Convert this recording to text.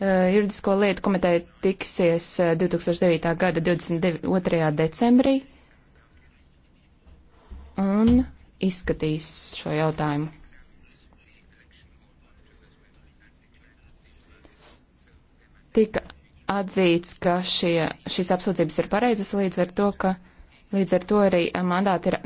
Eh, juridisko lietu komiteja tiksies 2009. Eh, gada 22. decembrī un izskatīs šo jautājumu. Tika atzīts, ka šie, šīs apsūdzības ir pareizas līdz ar to, ka līdz ar to arī mandāti ir